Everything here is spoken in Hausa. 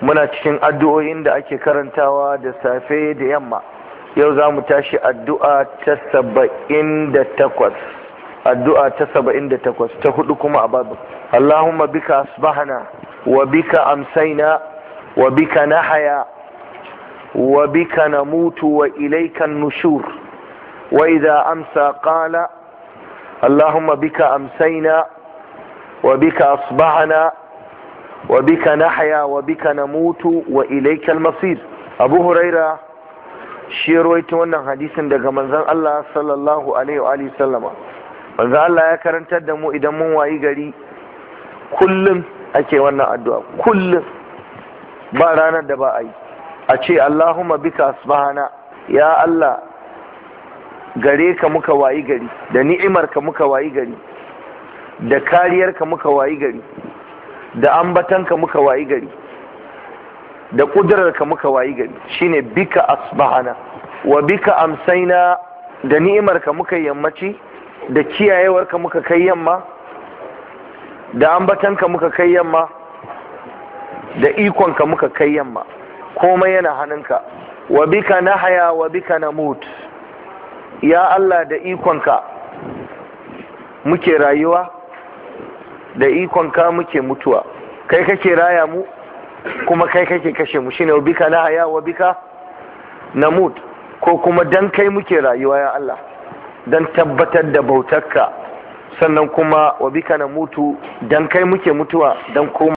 muna cikin addu'o'in da ake karantawa da safe da yamma yau za mu tashi addu'a ta saba'in da takwas addu'a ta saba'in da takwas ta hudu kuma a babu Allahumma bika asbahana wa bika amsaina wa bika nahaya wa bika namutu wa ilaika nushur wa idha amsa qala Allahumma bika amsaina wa bika asbahana wa bika na haya wa bika mutu wa ilaikal masir abu huraira shi wannan hadisin daga manzon Allah sallallahu alaihi wa sallama manzon Allah ya karantar da mu idan mun wayi gari kullum ake wannan addu'a kullum ba ranar da ba a yi a ce Allahumma bika asbahana ya Allah gare ka muka wayi gari da ni'imar ka muka wayi gari da kariyar ka muka wayi gari da ambatanka muka wayi gari da ƙudurarka muka wayi gari shine bika asbahana wa bika amsaina da ni'imarka muka yammaci da kiyayewarka muka kai yamma da ambatanka muka kai yamma da ikonka muka kai yamma komai yana hannunka wa bika nahaya wa bika namut ya Allah da ikonka muke rayuwa da ikon ka muke mutuwa kai kake raya mu kuma kai kake kashe mu shine wa bika haya wa bika namut ko kuma dan kai muke rayuwa ya Allah dan tabbatar da bautarka sannan kuma wa bika mutu? dan kai muke mutuwa dan koma